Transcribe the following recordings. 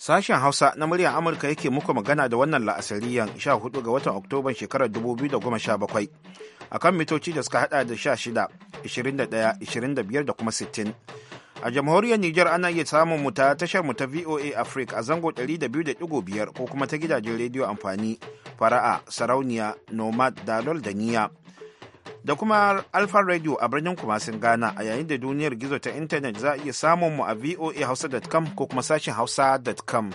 Sashen Hausa na muryar Amurka yake muku magana da wannan la'asariyan 14 ga watan Oktoban shekarar 2017 a kan mitoci da suka hada da 16, 21, 25 da kuma 60. A jamhuriyar Nijar ana iya samun mu tashar mu ta VOA Africa a zango 200.5 ko kuma ta gidajen rediyo amfani fara'a, sarauniya, nomad, dalol da niya. da kuma Alfa Radio a birnin Kumasin Ghana a yayin da duniyar gizo ta intanet za a iya samun mu a voa voahausa.com ko kuma sashen hausa.com.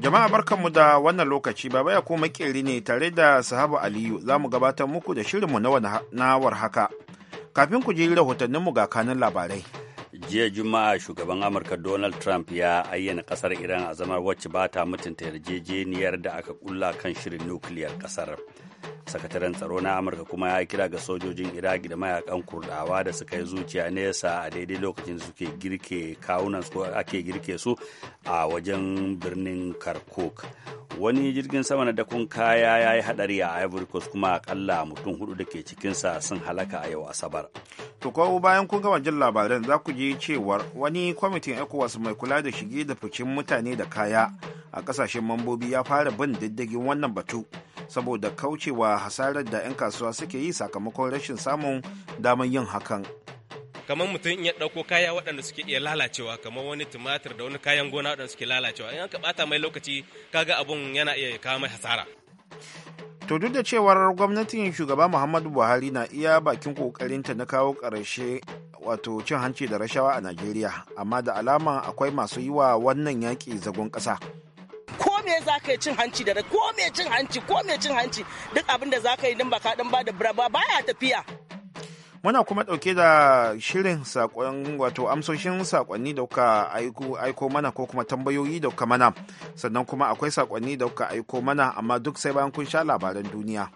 Jama'a barkanmu da wannan lokaci baba ya kuma makeri ne tare da sahabu Aliyu za mu gabatar muku da shirinmu na warhaka Kafin ku ji rahotanninmu ga kanin labarai. jiya juma'a shugaban amurka donald trump ya ayyana kasar iran a zamar wacce ba ta mutunta yarjejeniyar da aka kulla kan shirin nukiliyar kasar sakataren tsaro na amurka kuma ya kira ga sojojin iraki da mayakan kurdawa da suka yi zuciya nesa a daidai lokacin da suke girke kawunan su ake girke su a wajen birnin karkok. wani jirgin sama na dakon kaya ya yi hadari a ivory coast kuma akalla mutum hudu da ke cikinsa sun halaka a yau asabar to ko bayan kun gama jin labaran za ku je cewar wani kwamitin ecowas mai kula da shige da ficin mutane da kaya a kasashen mambobi ya fara bin diddigin wannan batu saboda kaucewa hasarar da 'yan kasuwa suke yi sakamakon rashin samun damar yin hakan kamar mutum in ya ɗauko kaya waɗanda suke iya lalacewa kamar wani tumatir da wani kayan gona waɗanda suke lalacewa in aka ɓata mai lokaci kaga abun yana iya kawo mai hasara to duk da cewar gwamnatin shugaba muhammadu buhari na iya bakin ƙoƙarinta na kawo ƙarshe wato cin hanci da rashawa a najeriya amma da alama akwai masu yi wa wannan yaƙi zagon ƙasa ko me za ka yi cin hanci da ko me cin hanci ko me cin hanci duk abin da za ka yi dan ba ka dan ba da baya tafiya muna kuma dauke da shirin sakon wato amsoshin sakonni da kuka aiko mana ko kuma tambayoyi da kuka mana sannan kuma akwai sakonni da kuka aiko mana amma duk sai bayan kun sha labaran duniya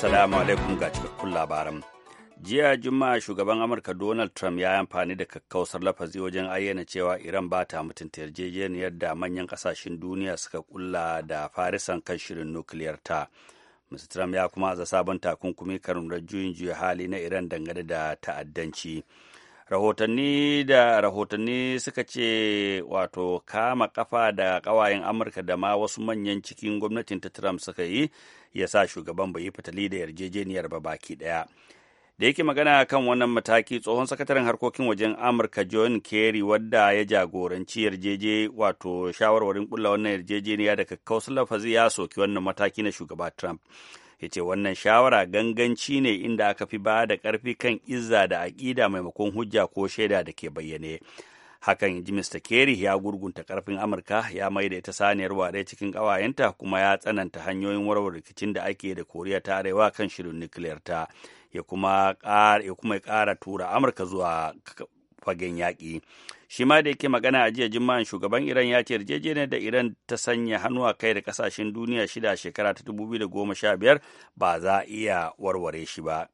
alaikum ga cikakkun labaran jiya juma'a shugaban amurka donald trump ya yi amfani da kakkausar lafazi wajen ayyana cewa iran ba ta mutunta yarjejeniyar da manyan kasashen duniya suka kulla da farisan kan shirin nukiliyar ta mr trump ya kuma aza sabon takunkumi kan juyin juya hali na iran dangane da ta'addanci rahotanni da rahotanni suka ce wato kama kafa da kawayen amurka da ma wasu manyan cikin gwamnatin ta trump suka yi ya sa shugaban bai yi fitali da yarjejeniyar ba baki daya da yake magana kan wannan mataki tsohon sakataren harkokin wajen amurka john kerry wadda ya jagoranci yarjeje wato shawarwarin kulla wannan yarjejeniya daga kakkausar lafazi ya soki wannan mataki na shugaba trump ya ce wannan shawara ganganci ne inda aka fi ba da karfi kan izza da aƙida maimakon hujja ko shaida da ke bayyane hakan ji mr kerry ya gurgunta karfin amurka ya mai da ita saniyar ware cikin ƙawayenta kuma ya tsananta hanyoyin warware rikicin da ake da koriya ta arewa kan shirin nukiliyar ta ya kuma ƙara tura amurka zuwa fagen yaƙi shi ma da yake magana a jiya juma'an shugaban iran ya ce yarjejeniyar da iran ta sanya hannu a kai da kasashen duniya shida shekara ta 2015 ba za iya warware shi ba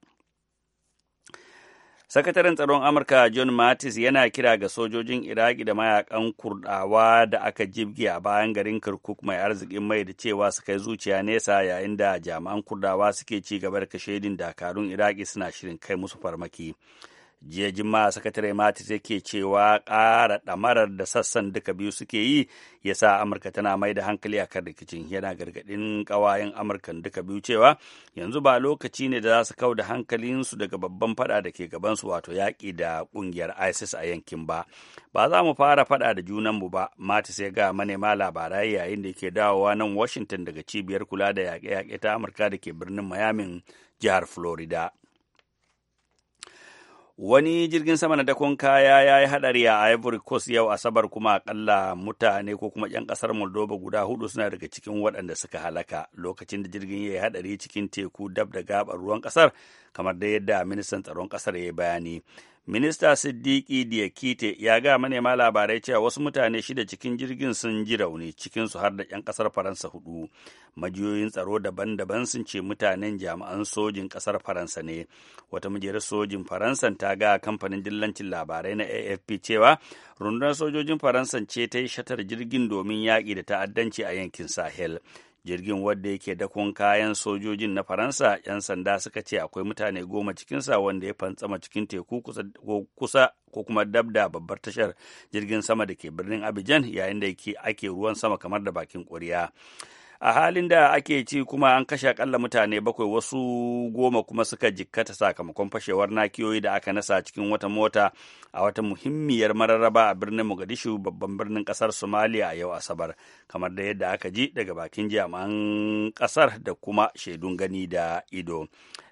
sakataren tsaron amurka john mattis yana kira ga sojojin iraki da mayakan kurdawa da aka jibge a bayan garin kirkuk mai arzikin mai da cewa su kai zuciya nesa yayin da jami'an kurdawa suke ci gaba da kashedin dakarun iraki suna shirin kai musu farmaki jiya jima sakatare matis yake cewa ƙara ɗamarar da sassan duka biyu suke yi ya sa amurka tana mai da hankali akan rikicin yana gargaɗin ƙawayen amurkan duka biyu cewa yanzu ba lokaci ne da za su kau da hankalinsu daga babban fada da ke gabansu wato yaƙi da ƙungiyar isis a yankin ba ba za mu fara fada da junan mu ba mati sai ga manema labarai yayin da ke dawowa nan washington daga cibiyar kula da yaƙe-yaƙe ta amurka da ke birnin miami jihar florida wani jirgin sama na dakon kaya ya yi hadari a ivory coast yau asabar kuma akalla mutane ko kuma 'yan kasar moldova guda hudu suna daga cikin waɗanda suka halaka lokacin da jirgin ya yi hadari cikin teku dab da gabar ruwan kasar kamar da yadda ministan tsaron kasar ya yi bayani Minista Siddiqui Diakite ya ga manema labarai cewa wasu mutane shida cikin jirgin sun ji rauni cikinsu har da 'yan ƙasar Faransa hudu. Majiyoyin tsaro daban-daban sun ce mutanen jami'an sojin kasar Faransa ne. Wata mujerar sojin faransa ta ga kamfanin dillancin labarai na AFP cewa rundunar sojojin faransa ce ta yi shatar jirgin domin yaƙi da ta'addanci a yankin Sahel. jirgin wadda yake dakon kayan sojojin na faransa 'yan sanda suka ce akwai mutane goma cikinsa wanda ya fantsama cikin teku kusa ko kuma dabda babbar tashar jirgin sama da ke birnin abidjan yayin da ake ruwan sama kamar da bakin kuriya. a halin da ake ci kuma an kashe akalla mutane bakwai wasu goma kuma suka jikkata sakamakon fashewar nakiyoyi da aka nasa cikin wata mota a wata muhimmiyar mararraba a birnin mogadishu babban birnin kasar Somalia a yau asabar kamar da yadda aka ji daga bakin jami'an kasar da kuma shaidun gani da ido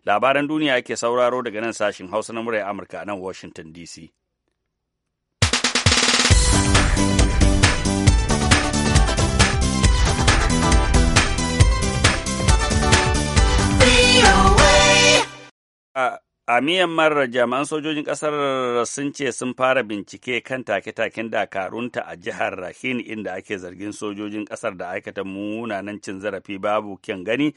labaran duniya ake sauraro daga nan sashin hausa na murai amurka nan washington dc A Myanmar jami'an sojojin ƙasar sun ce sun fara bincike kan take-taken dakarunta a jihar Rakhine inda ake zargin sojojin ƙasar da aikata munanan cin zarafi babu kyan gani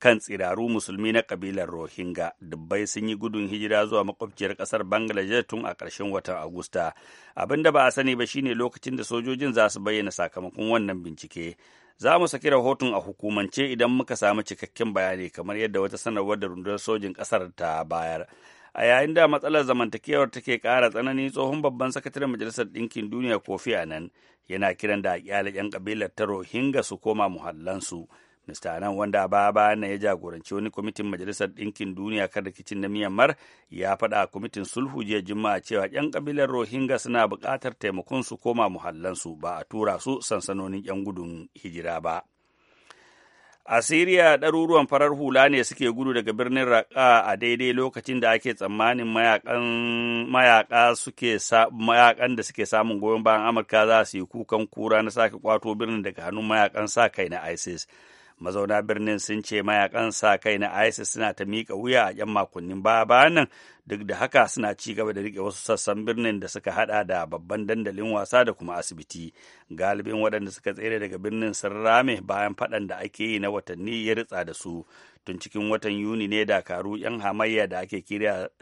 kan tsiraru musulmi na kabilar Rohingya. Dubbai sun yi gudun hijira zuwa makwabciyar ƙasar Bangladesh tun a ƙarshen watan Agusta. Abin da ba a sani ba shine lokacin da sojojin za su bayyana sakamakon wannan bincike. za mu saki rahoton a hukumance idan muka samu cikakken bayani kamar yadda wata sanarwar da rundunar sojin ƙasar ta bayar a yayin da matsalar zamantakewar take ƙara tsanani tsohon babban sakataren majalisar ɗinkin duniya kofi nan yana kiran da a ƙyale 'yan ƙabilar ta rohingya su koma muhallansu mista Anan wanda a baya bayan ya jagoranci wani kwamitin Majalisar Ɗinkin Duniya kan rikicin na Myanmar ya faɗa a kwamitin sulhu jiya Juma'a cewa 'yan kabilar Rohingya suna buƙatar taimakon su koma muhallansu ba a tura su sansanonin 'yan gudun hijira ba. A Siriya ɗaruruwan farar hula ne suke gudu daga birnin Raqqa a daidai lokacin da ake tsammanin mayaƙa mayakan da suke samun goyon bayan Amurka za su yi kukan kura na sake kwato birnin daga hannun mayakan sa kai na ISIS. mazauna birnin sun ce mayakan sa kai na isis suna ta miƙa wuya a 'yan makonnin baya bayan nan duk da haka suna ci gaba da rike wasu sassan birnin da suka hada da babban dandalin wasa da kuma asibiti galibin waɗanda suka tsere daga birnin sun rame bayan faɗan da ake yi na watanni ya ritsa da su tun cikin watan yuni ne dakaru 'yan hamayya da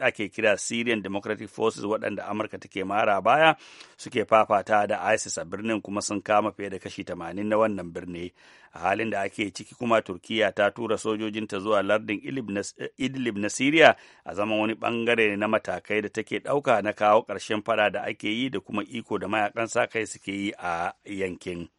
ake kira syrian democratic forces waɗanda amurka take mara baya suke fafata da isis a birnin kuma sun kama fiye da kashi 80 na wannan birni a halin da ake ciki kuma turkiya ta tura sojojinta zuwa lardin idlib na syria a zaman wani bangare na matakai da take ɗauka na kawo ƙarshen fada da ake yi da kuma iko da mayakan sa kai suke yi a yankin.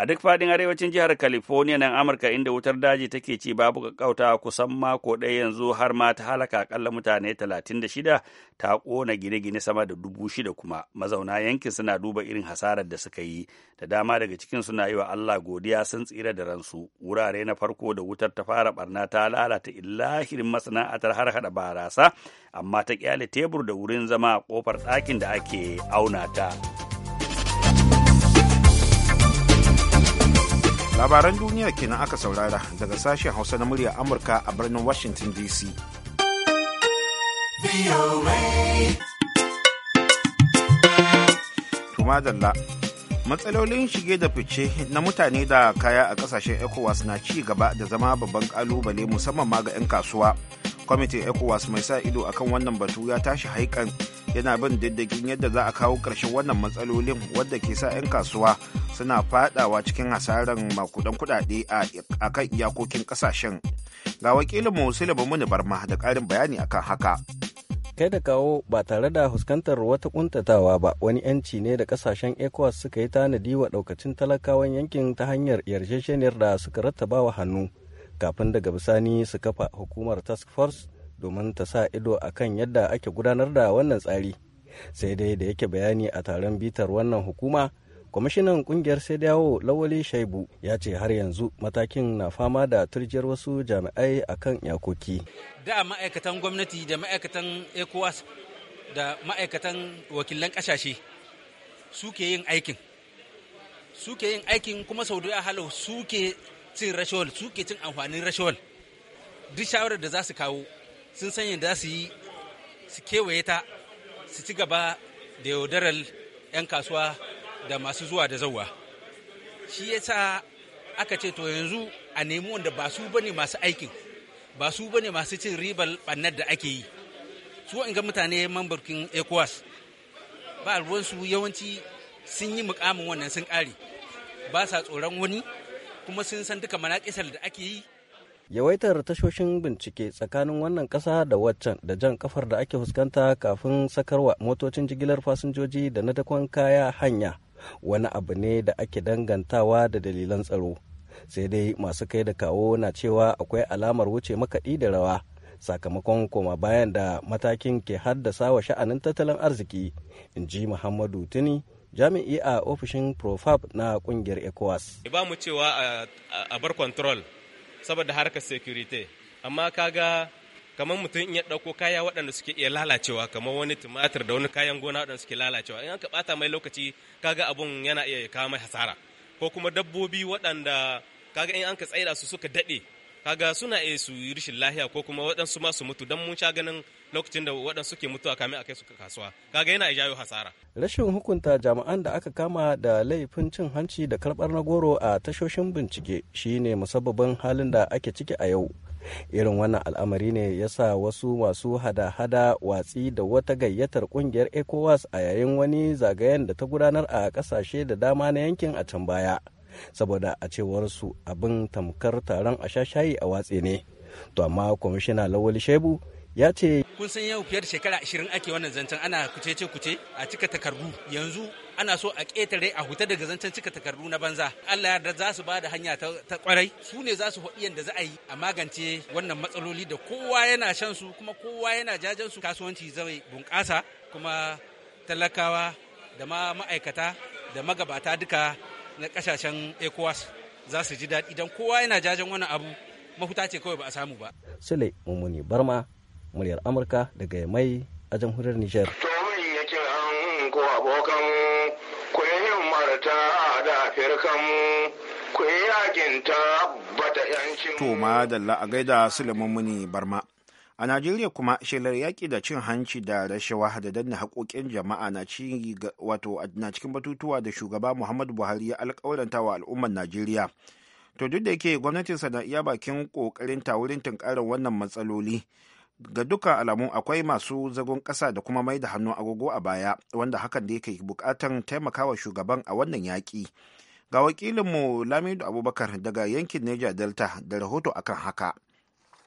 a duk fadin arewacin jihar california nan amurka inda wutar daji take ci babu kakauta kusan mako ɗaya yanzu har ma ta halaka akalla mutane 36 ta ƙona gine-gine sama da dubu shida kuma mazauna yankin suna duba irin hasarar da suka yi da dama daga cikin suna yi wa allah godiya sun tsira da ransu wurare na farko da wutar ta fara barna ta lalata illahirin masana'antar har hada barasa amma ta kyale tebur da wurin zama a kofar ɗakin da ake auna ta. labaran duniya kenan aka saurara daga sashen hausa na murya amurka a birnin washington dc tumadalla matsalolin shige da fice na mutane da kaya a kasashen ecowas na ci gaba da zama babban kalubale musamman ma ga 'yan kasuwa kwamitin ecowas mai sa ido akan wannan batu ya tashi haikan yana bin diddigin yadda za a kawo ƙarshen wannan matsalolin wadda ke sa 'yan kasuwa suna fadawa cikin hasarar makudan kudade a kan iyakokin kasashen ga wakilin musula muni barma da karin bayani akan haka kai da kawo ba tare da fuskantar wata kuntatawa ba wani yanci ne da kasashen ecowas suka yi tanadi wa daukacin talakawan yankin ta hanyar yarjejeniyar da suka rattaba wa hannu kafin daga bisani su kafa hukumar task force domin ta sa ido a kan yadda ake gudanar da wannan tsari sai dai da yake bayani a taron bitar wannan hukuma kwamishinan kungiyar sai dawo lawali shaibu ya ce har yanzu matakin na fama da turjiyar wasu jami'ai akan yakoki da ma'aikatan gwamnati da ma'aikatan ecowas da ma'aikatan wakilan kasashe suke yin aikin suke yin aikin kuma sau da halau suke cin rashawal suke cin amfanin rashawal duk shawarar da za su kawo sun san yadda za su yi su kewaye ta su ci gaba da yaudarar 'yan kasuwa da masu zuwa da zauwa shi ya sa aka ce to yanzu a nemi wanda ba su bane masu aikin ba su bane masu cin ribar bannar da ake yi su ga mutane mambarkin ecowas ba ruwansu yawanci sun yi mukamin wannan sun kare ba sa tsoron wani kuma sun san duka manakisar da ake yi yawaitar tashoshin bincike tsakanin wannan kasa da waccan da jan kafar da ake fuskanta kafin sakarwa motocin jigilar fasinjoji da na dakon kaya hanya wani abu ne da ake dangantawa da dalilan tsaro sai dai masu kai da kawo na cewa akwai alamar wuce makaɗi da rawa sakamakon koma bayan da matakin ke haddasa wa sha'anin tattalin arziki in ji muhammadu tuni jami'i a ofishin profab na kungiyar ecowas ba mu cewa a bar control saboda harkar security amma kaga kamar mutum in ya ɗauko kaya waɗanda suke iya lalacewa kamar wani tumatir da wani kayan gona waɗanda suke lalacewa in aka ɓata mai lokaci kaga abun yana iya kawo mai hasara ko kuma dabbobi waɗanda kaga in an ka tsaida su suka daɗe kaga suna iya su yi rashin lahiya ko kuma waɗansu ma su mutu don mun sha ganin lokacin da waɗansu ke mutuwa kamin a kai su kasuwa kaga yana ijayo hasara rashin hukunta jami'an da aka kama da laifin cin hanci da karɓar na goro a tashoshin bincike shine musabbabin halin da ake ciki a yau irin wannan al'amari ne ya sa wasu masu hada-hada watsi da wata gayyatar kungiyar ecowas a yayin wani zagayen da ta gudanar a kasashe da dama na yankin a can baya saboda a cewar su abin tamkar taron a shashayi a watse ne to amma kwamishina lawali shebu ya ce kun san yau fiye da shekara 20 ake wannan zancen ana kucece kuce a cika takardu yanzu ana so a ƙetare a huta daga zancen cika takardu na banza Allah yarda za su ba da hanya ta kwarai su ne za su faɗi yadda za a yi a magance wannan matsaloli da kowa yana shan su kuma kowa yana jajen su kasuwanci zai bunƙasa kuma talakawa da ma ma'aikata da magabata duka na ƙasashen ECOWAS za su ji daɗi idan kowa yana jajen wannan abu mafuta ce kawai ba a samu ba. Sule Mumuni Barma muryar amurka daga mai a jamhuriyar niger To ma dalla a gaida sulaiman Muni Barma. A Najeriya kuma shelar yaƙi da cin hanci da rashawa da danna haƙoƙin jama'a na cikin batutuwa da shugaba Muhammadu Buhari ya alƙawaranta wa al'ummar Najeriya. To duk da yake gwamnatinsa na iya bakin ƙoƙarinta wurin tunkarar wannan matsaloli, ga dukkan alamu akwai masu zagon ƙasa da kuma mai da hannu agogo a baya wanda hakan da yake bukatan taimakawa shugaban a wannan yaƙi ga wakilinmu lamidu abubakar daga yankin niger delta da rahoto akan haka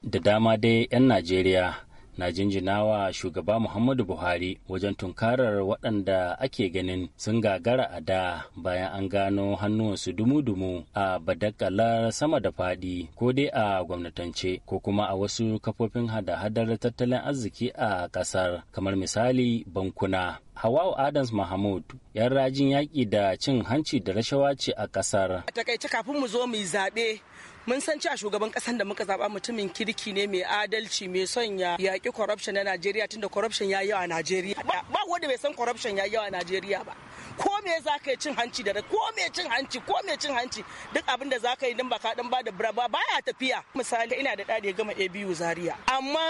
da dama dai 'yan najeriya na jinjinawa shugaba Muhammadu Buhari wajen tunkarar waɗanda ake ganin sun gagara a da bayan an gano hannuwansu dumu-dumu a badakalar sama da faɗi ko dai a gwamnatance ko kuma a wasu kafofin hada-hadar tattalin arziki a ƙasar kamar misali bankuna. Hawa'u Adams Mahmud yan rajin yaƙi da cin hanci da rashawa ce a ƙasar. A takaice kafin mu zo mu yi zaɓe mun san cewa shugaban kasan da muka zaba mutumin kirki ne mai adalci mai son ya yaki corruption na Najeriya tunda corruption ya yawa a Najeriya ba wanda bai san corruption ya yawa a Najeriya ba ko me za ka yi cin hanci da ko me cin hanci ko me cin hanci duk abin da za ka yi dan baka dan ba da ba baya tafiya misali ina da dadi gama ABU Zaria amma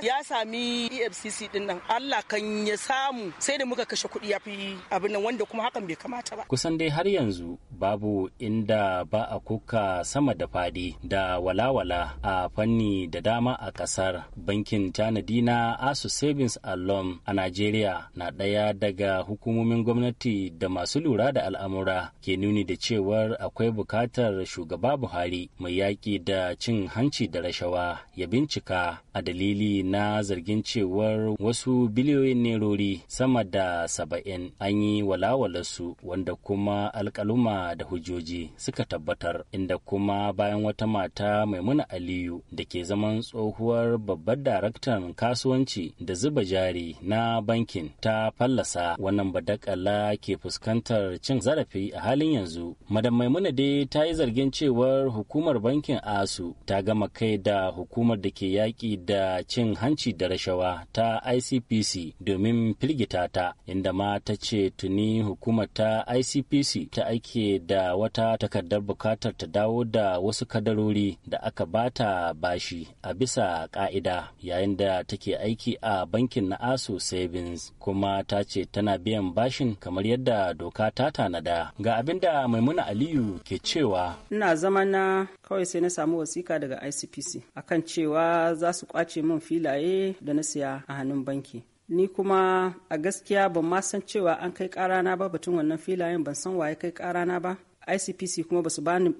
ya sami EFCC din nan Allah kan ya samu sai da muka kashe kuɗi ya fi abin nan wanda kuma hakan bai kamata ba kusan dai har yanzu babu inda ba a kuka sama da fadi da walawala a fanni da dama a kasar bankin tanadi na asu savings alum a nigeria na daya daga hukumomin gwamnati da masu lura da al'amura ke nuni da cewar akwai bukatar shugaba Buhari mai yaƙi da cin hanci da rashawa ya bincika a dalili na zargin cewar wasu biliyoyin nerori sama da saba'in an yi walawalarsu wanda kuma alkaluma da hujjoji suka tabbatar inda kuma bayan wata mata maimuna aliyu da ke zaman tsohuwar babbar daraktan kasuwanci da zuba jari na bankin ta fallasa wannan badakala ke fuskanta fuskantar cin zarafi a halin yanzu. Madam Maimuna dai ta yi zargin cewar hukumar bankin ASU ta gama kai da hukumar da ke yaƙi da cin hanci da rashawa ta ICPC domin firgita ta, inda ma ta ce tuni hukumar ta ICPC ta aike da wata takardar bukatar ta dawo da wasu kadarori da aka bata bashi a bisa ka'ida yayin da take aiki a bankin na ASU Savings kuma ta ce tana biyan bashin kamar yadda doka ta tanada ga abinda da maimuna aliyu ke cewa ina zama na kawai sai na samu wasika daga icpc akan cewa za su kwace min filaye da na siya a hannun banki ni kuma a gaskiya ban ma san cewa an kai karana ba batun wannan filayen ban san waye kai karana ba icpc kuma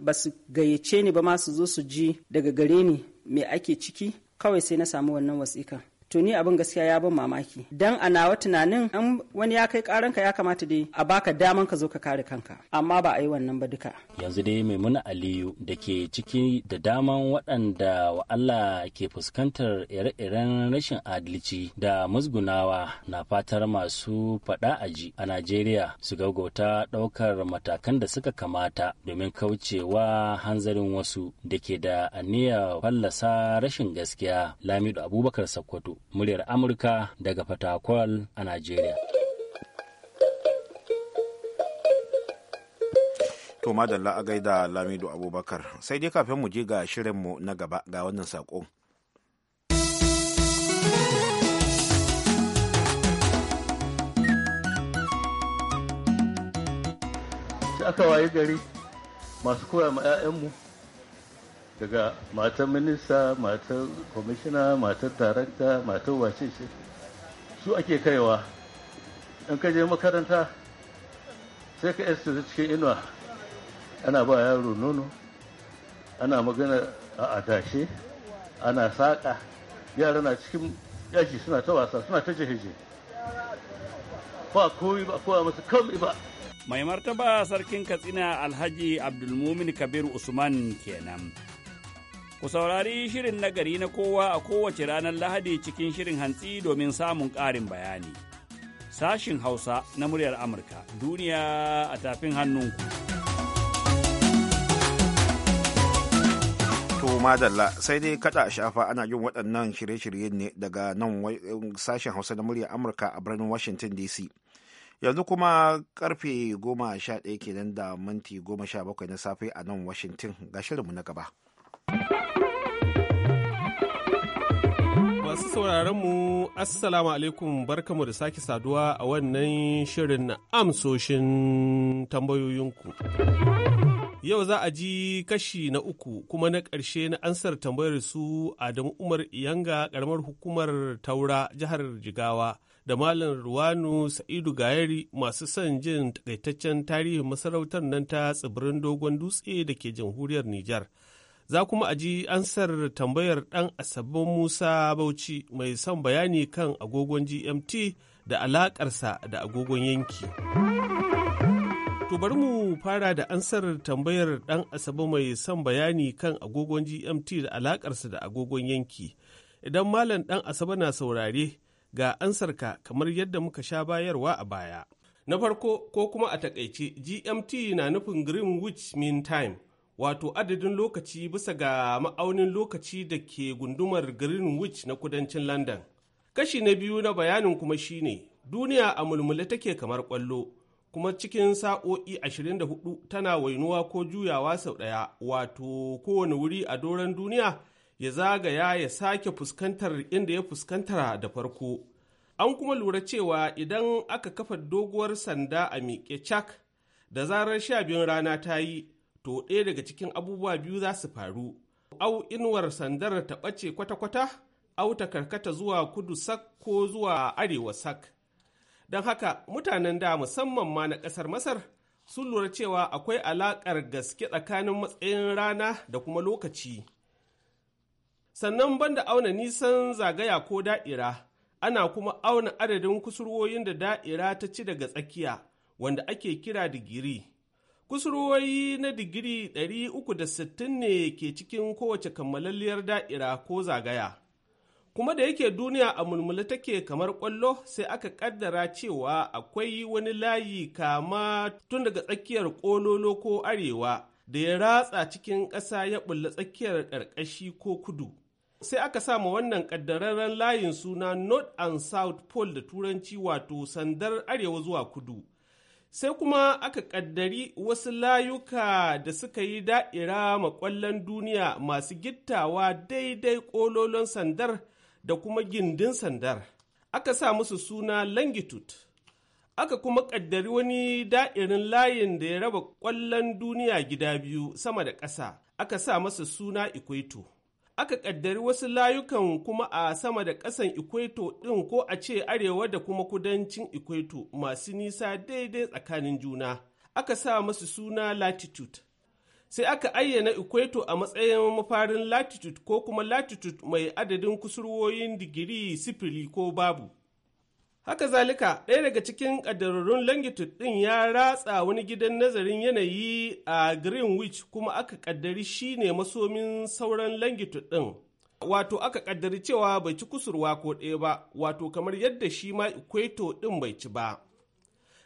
ba su gayyace ni ba ma su zo su ji daga gare ni me ake ciki kawai sai na samu wannan wasikan to ni abin gaskiya ya ban mamaki dan a nawa tunanin an wani ya kai karanka ya kamata dai a baka daman ka zo ka kare kanka amma ba a yi wannan ba duka yanzu dai maimuna aliyu da ke ciki da daman waɗanda wa Allah ke fuskantar ire-iren rashin adalci da musgunawa na fatar masu faɗa aji a Najeriya su gaggauta ɗaukar matakan da suka kamata domin kaucewa hanzarin wasu da ke da aniyar fallasa rashin gaskiya Lamido Abubakar Sakkwato muryar Amurka daga Fatakwal a Najeriya. To madalla a gaida Lamido Abubakar sai dai kafin mu je ga shirinmu na gaba ga wannan saƙo. aka wayi gari masu koya ma 'ya'yanmu daga matan minista matan kwamishina matan darakta matan wace ce su ake kaiwa in ka je makaranta sai ka yasta cikin inuwa ana ba yaro nono ana magana a adashe ana saƙa yara na cikin yaji suna ta wasa suna ta jihe ba koyi ba kowa masu kawai ba mai martaba sarkin katsina alhaji abdulmumin kabiru usman kenan Ku saurari shirin nagari na kowa a kowace ranar Lahadi cikin shirin hantsi domin samun ƙarin bayani. Sashin Hausa na muryar Amurka, duniya a tafin hannunku. to madalla sai dai kada a shafa ana yin waɗannan shirye-shirye ne daga nan um, sashen hausa na murya amurka a birnin washington dc yanzu kuma karfe goma sha ɗaya kenan da minti goma sha bakwai na safe a nan washington ga shirinmu na gaba Masu sauraron mu Assalamu alaikum barkamu da sake saduwa a wannan shirin amsoshin tambayoyinku. Yau za a ji kashi na uku kuma na ƙarshe na ansar tambayar su Adamu Umar Iyanga ƙaramar hukumar Taura jihar Jigawa da Malam Ruwanu Sa'idu Gayari masu son jin takaitaccen tarihin masarautar nan ta tsibirin dogon dutse da ke jamhuriyar Nijar za kuma a ji ansar tambayar ɗan asabbin musa bauchi mai son bayani kan agogon gmt da alakarsa da agogon yanki to bari mu fara da ansar tambayar ɗan asabe mai son bayani kan agogon gmt da alakarsa da agogon yanki idan malam ɗan asabe na saurare ga ansarka kamar yadda muka sha bayarwa a baya na farko ko kuma a takaice gmt na nufin greenwich mean time wato adadin lokaci bisa ga ma'aunin lokaci da ke gundumar Greenwich na kudancin London. Kashi na biyu na bayanin kuma shine duniya a mulmule take kamar kwallo kuma cikin sa'o'i 24 tana wainuwa ko juyawa sau ɗaya wato kowane wuri a doron duniya ya zagaya ya sake fuskantar inda ya fuskantara da farko. An kuma lura cewa idan aka kafa doguwar sanda a miƙe chak da zarar sha biyun rana ta yi to ɗaya daga cikin abubuwa biyu za su faru au inuwar sandar ta ɓace kwata-kwata au ta karkata zuwa kudu sak ko zuwa arewa sak don haka mutanen da musamman ma na ƙasar masar sun lura cewa akwai alaƙar gaske tsakanin matsayin rana da kuma lokaci sannan banda auna nisan zagaya ko da'ira ana kuma auna adadin kusurwoyin da da'ira ta ci daga tsakiya wanda ake kira digiri kusurwoyi na digiri 360 ne ke cikin kowace kammalalliyar da'ira ko zagaya kuma da yake duniya a mulmula take kamar ƙwallo sai aka ƙaddara cewa akwai wani layi kama tun daga tsakiyar ƙololo ko arewa da ya ratsa cikin ƙasa ya bulla tsakiyar ƙarƙashi ko kudu sai aka sama wannan ƙaddararren layin suna north and south pole da turanci wato sandar arewa zuwa kudu sai kuma aka ƙaddari wasu layuka da suka yi da'ira makwallon duniya masu gittawa daidai ƙololon sandar da kuma gindin sandar aka sa musu suna longitude aka kuma ƙaddari wani da'irin layin da ya raba ƙwallon duniya gida biyu sama da ƙasa aka sa masa suna equator aka kaddari wasu layukan kuma a sama da ƙasan ikweto ɗin ko a ce arewa da kuma kudancin ikweto masu nisa daidai tsakanin juna aka sa masu suna latitude sai aka ayyana ikweto a matsayin mafarin latitude ko kuma latitude mai adadin kusurwoyin digiri sifili ko babu Haka zalika ɗaya daga cikin ƙaddararrun longitude ɗin ya ratsa wani gidan nazarin yanayi a Greenwich kuma aka ƙaddari shi ne masomin sauran longitude ɗin. Wato aka ƙaddari cewa bai ci kusurwa ko ɗaya ba, wato kamar yadda shi ma equator ɗin bai ci ba.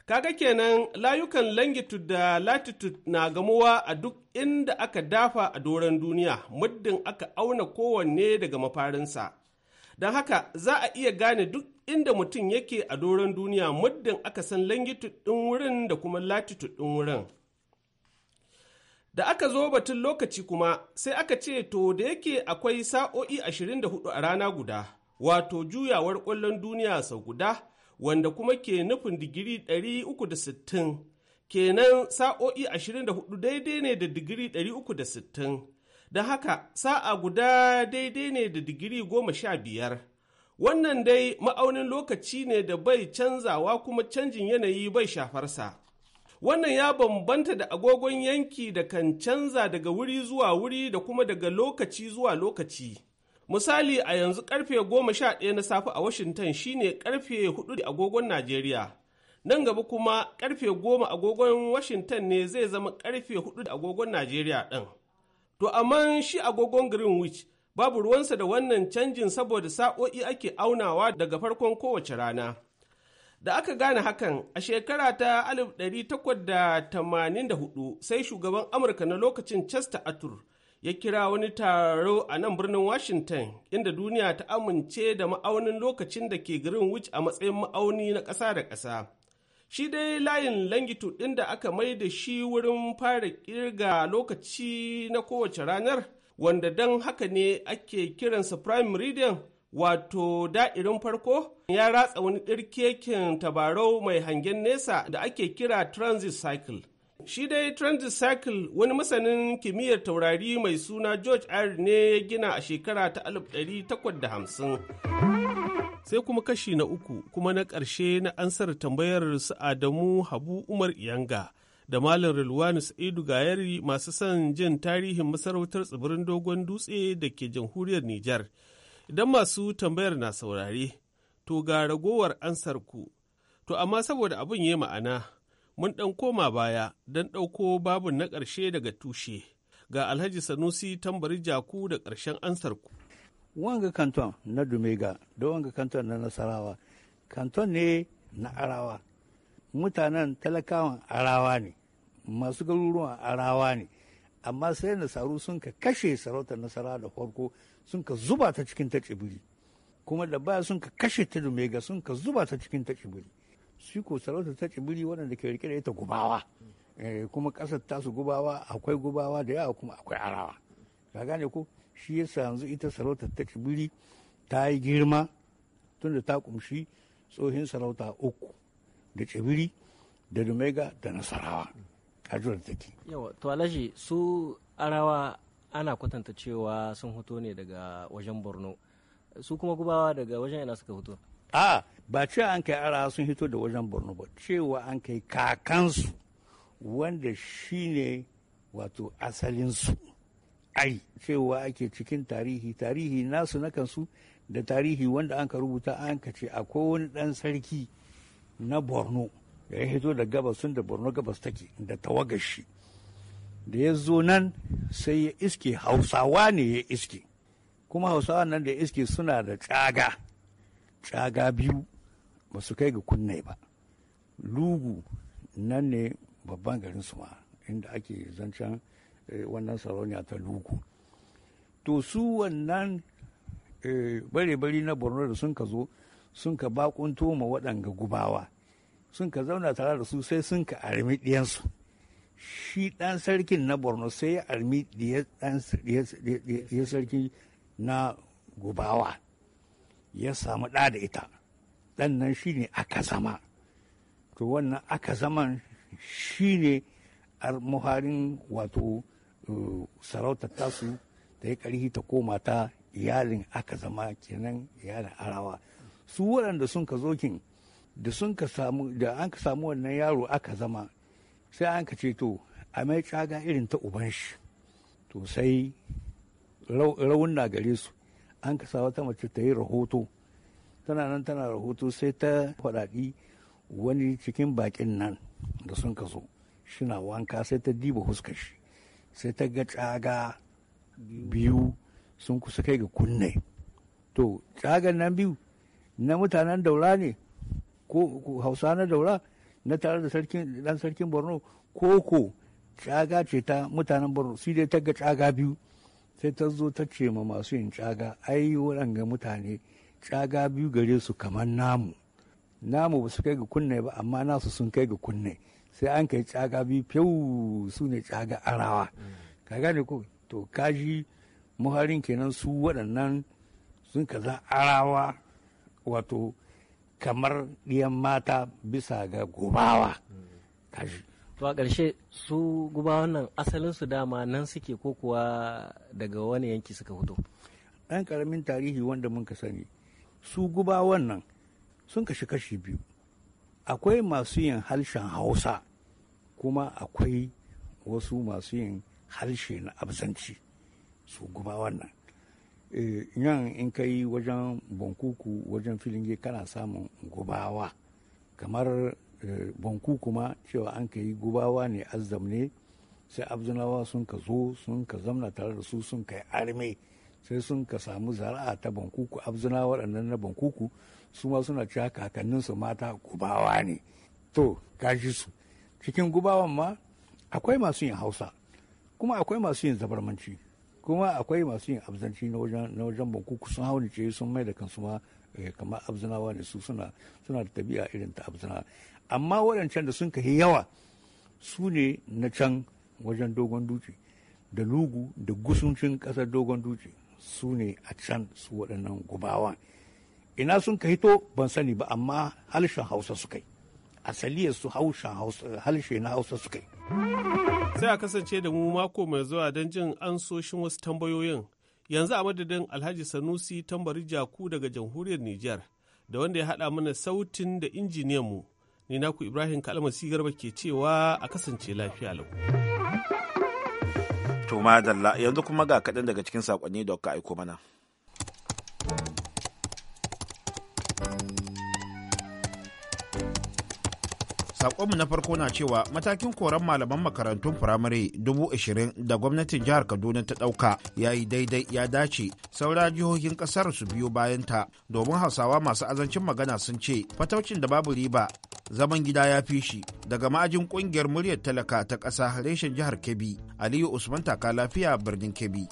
Kaga kenan layukan longitude da latitude na gamuwa a duk inda aka dafa a doron duniya muddin aka auna kowanne daga mafarinsa. Don haka za a iya gane duk inda mutum yake a doron duniya muddin aka san langitud ɗin wurin da kuma latitud ɗin wurin. Da aka zo batun lokaci kuma sai aka ce to da yake akwai sa'o'i 24 a rana guda, wato juyawar ƙwallon duniya sau guda, wanda kuma ke nufin digiri 360, kenan sa'o'i 24 daidai ne da digiri 360, da haka sa'a guda daidai ne da digiri goma sha biyar Wannan dai ma'aunin lokaci ne da bai canzawa kuma canjin yanayi bai shafarsa. Wannan ya bambanta da agogon yanki da kan canza daga wuri zuwa wuri da kuma daga lokaci zuwa lokaci. Misali a yanzu karfe goma sha ɗaya na safe a Washington shine karfe hudu da agogon Najeriya. Nan gaba kuma karfe goma agogon Washington ne zai zama karfe hudu da agogon Najeriya ɗin. To amma shi agogon Greenwich babu ruwansa da wannan canjin saboda sa'o'i ake aunawa daga farkon kowace rana. Da aka gane hakan a shekara ta 1884 sai shugaban Amurka na lokacin Chester Arthur ya kira wani taro a nan birnin Washington inda duniya ta amince da ma'aunin lokacin da ke Greenwich a matsayin ma'auni na ƙasa da ƙasa. Shi dai layin langitu ɗin da aka mai da shi wurin fara ƙirga lokaci na kowace ranar wanda don haka ne ake kiransa prime meridian wato da'irin farko ya ratsa wani ɗirkekin tabarau mai hangen nesa da ake kira transit cycle shi dai transit cycle wani masanin kimiyyar taurari mai suna george r ne ya gina a shekara ta 1850 sai kuma kashi na uku kuma na ƙarshe na ansar tambayar su adamu habu umar iyanga da Malam Rilwani Sa'idu Gayari masu son jin tarihin masarautar tsibirin Dogon Dutse da ke jamhuriyar Nijar. Idan masu tambayar na saurare, to ga ragowar ansar ku. To amma saboda abin ya ma'ana, mun ɗan koma baya don ɗauko babu na ƙarshe daga tushe. Ga Alhaji Sanusi tambari jaku da ƙarshen ansar ku. Wanga kanton na Dumega da wanga kanton na Nasarawa, kanton ne na Arawa, mutanen talakawan arawa ne masu garuruwan arawa ne amma sai nasaru sun ka kashe sarautar nasara da farko sun ka zuba ta cikin ta tsibiri kuma da baya sun ka kashe ta mega sun ka zuba ta cikin ta tsibiri su ko sarautar ta tsibiri waɗanda ke rike da ita gubawa eh, kuma ƙasar tasu gubawa akwai gubawa da yawa kuma akwai arawa ka gane ko shi yasa yanzu ita sarautar ta tsibiri ta yi girma tunda ta kumshi tsohin sarauta uku da tsibiri da dumega da nasarawa da take yawa to alaji su arawa ana kwatanta cewa sun hoto ne daga wajen borno su kuma gubawa daga wajen yana suka hoto a ba cewa an kai arawa sun hito da wajen borno ba cewa an kai kakansu wanda shine wato asalinsu ai cewa ake cikin tarihi tarihi nasu na kansu da tarihi wanda an ka rubuta an ka ce akwai wani dan sarki na borno ya yi hito da gabas tun da borno gabas take da tawagashi da ya zo nan sai ya iske hausawa ne ya iske kuma hausawa nan da ya iske suna da tsaga tsaga biyu ba su kai ga kunne ba lugu nan ne babban garin su ma inda ake zancen eh, wannan sarauniya ta lugu to su wannan eh, bare-bari na borno da sun ka zo sun ka bakunto ma waɗanga gubawa sun ka zauna tare da su sai sun ka armi ɗiyansu shi ɗan sarkin na borno sai ya armi ɗiya sarki na gubawa ya samu ɗa da ita ɗan nan shi ne aka zama to wannan aka zaman shi ne muharin wato uh, sarauta tasu ta yi ƙarfi ta koma ta iyalin aka zama kenan iyalin arawa su waɗanda sun ka zokin da sun ka samu da an ka samu wannan yaro aka zama sai an ka ce to a mai caga irin ta uban shi to sai na gare su an ka sa wata mace ta yi rahoto tana nan tana rahoto sai ta faɗaɗi wani cikin baƙin nan da sun ka zo shina wanka sai ta diba huskar shi sai ta ga caga biyu sun kusa kai ga kunne to cagan nan biyu na mutanen daura ne ko hausa na daura na tare da sarkin dan sarkin borno ko ko caga ce ta mutanen borno su dai ta ga caga biyu sai ta zo ta ce ma masu yin caga ai waɗanga mutane caga biyu gare su kamar namu namu ba su kai ga kunne ba amma nasu sun kai ga kunne sai an kai caga biyu fiyau su ne caga arawa ka gane ko to kaji muharin kenan su waɗannan sun kaza arawa wato kamar ɗiyan mata bisa ga gubawa to a ƙarshe su gubawan nan asalin su dama nan suke ko kuwa daga wani yanki suka fito ɗan ƙaramin tarihi wanda mun ka sani su gubawan nan sun kashi kashi biyu akwai masu yin harshen hausa kuma akwai wasu masu yin harshe na abzanci su gubawan nan yan eh, in ka yi wajen bankuku wajen filin filinge kana samun gubawa kamar eh, bankuku ma cewa an ka yi gubawa ne azam ne sai abdullawa sun ka zo sun ka zamna tare da su sun ka yi arme sai sun ka samu zara'a ta bankuku abzina waɗannan na bankuku su ma suna cewa kakanninsu mata gubawa ne to ji su cikin gubawan ma akwai masu yin hausa kuma akwai masu yin zabarmanci kuma akwai masu yin abzanci na wajen na wajen hau kusan ce sun mai da kansu ma eh, kamar abzanawa ne su suna da tabi'a irin ta abzana amma waɗancan da sun kai yawa su ne na can wajen dogon duci da lugu da gusuncin ƙasar dogon duci su ne a can su waɗannan gubawa ina sun ka to ban sani ba amma halshen hausa su kai asaliyar su harshe na hausa suka yi. sai a kasance da mu mako mai zuwa don jin ansoshin wasu tambayoyin yanzu a madadin alhaji sanusi tambari jaku daga jamhuriyar niger da wanda ya haɗa mana sautin da injiniyan mu ni naku ibrahim kalmasi garba ke cewa a kasance lafiya lau to madalla yanzu kuma ga kaɗan daga cikin saƙonni da ka aiko mana sakonmu na farko na cewa matakin koran malaman makarantun firamare dubu ashirin da gwamnatin jihar kaduna ta dauka ya yi daidai ya dace saura jihohin ƙasar su biyo bayanta domin hausawa masu azancin magana sun ce fataucin da babu riba zaman gida ya fi shi daga ma'ajin kungiyar muryar talaka ta kasa reshen jihar kebbi aliyu usman taka lafiya birnin kebbi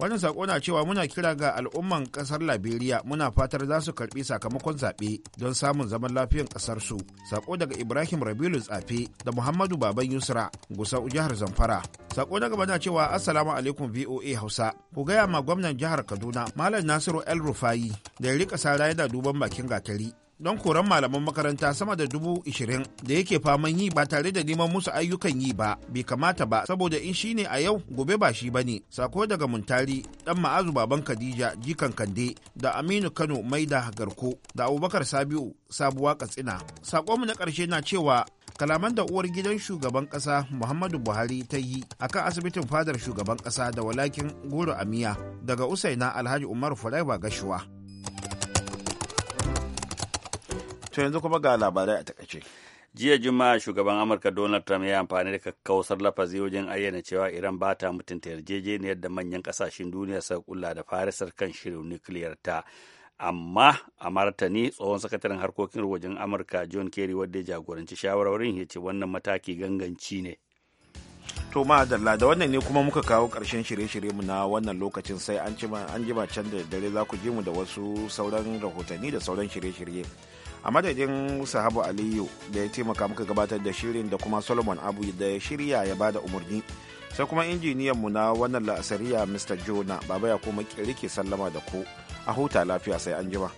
wannan sako na cewa muna kira ga al'umman kasar liberia muna fatar za su karbi sakamakon zaɓe don samun zaman lafiyar ƙasar su sako daga ibrahim rabilu tsafe da muhammadu baban yusra (Gusa jihar zamfara sako na gaba na cewa assalamu alaikum voa hausa ku gaya ma gwamnan jihar kaduna malam nasiru el Rufayi da ya rika sara yana duban bakin gatari don koran malaman makaranta sama da dubu ishirin da yake faman yi ba tare da neman musu ayyukan yi ba bai kamata ba saboda in shi ne a yau gobe ba shi ba ne sako daga muntari dan ma'azu baban khadija jikan kande da aminu kano mai maida garko da abubakar sabiu sabuwa katsina mu na ƙarshe na cewa kalaman da uwar gidan shugaban kasa muhammadu buhari ta yi akan asibitin fadar shugaban kasa da walakin goro amiya daga usaina alhaji umar fulaiba gashuwa To yanzu kuma ga labarai a takaice. jiya juma'a shugaban amurka donald trump ya amfani da kakkausar lafazi wajen ayyana cewa iran ba ta mutunta yarjejeniyar da manyan kasashen duniya suka kula da farisar kan shirin nukiliyar ta amma a martani tsohon sakataren harkokin wajen amurka john kerry wadda ya jagoranci shawarwarin ya ce wannan mataki ganganci ne to ma da wannan ne kuma muka kawo karshen shirye shirye mu na wannan lokacin sai an jima can da dare za ku ji mu da wasu sauran rahotanni da sauran shirye-shirye a madadin sahabu aliyu da ya taimaka muka gabatar da shirin da kuma solomon abu da ya shirya ya ba da umarni sai kuma injiniyan mu na wannan la'asariya mr jona baba ya kuma ke sallama da ku a huta lafiya sai an jima.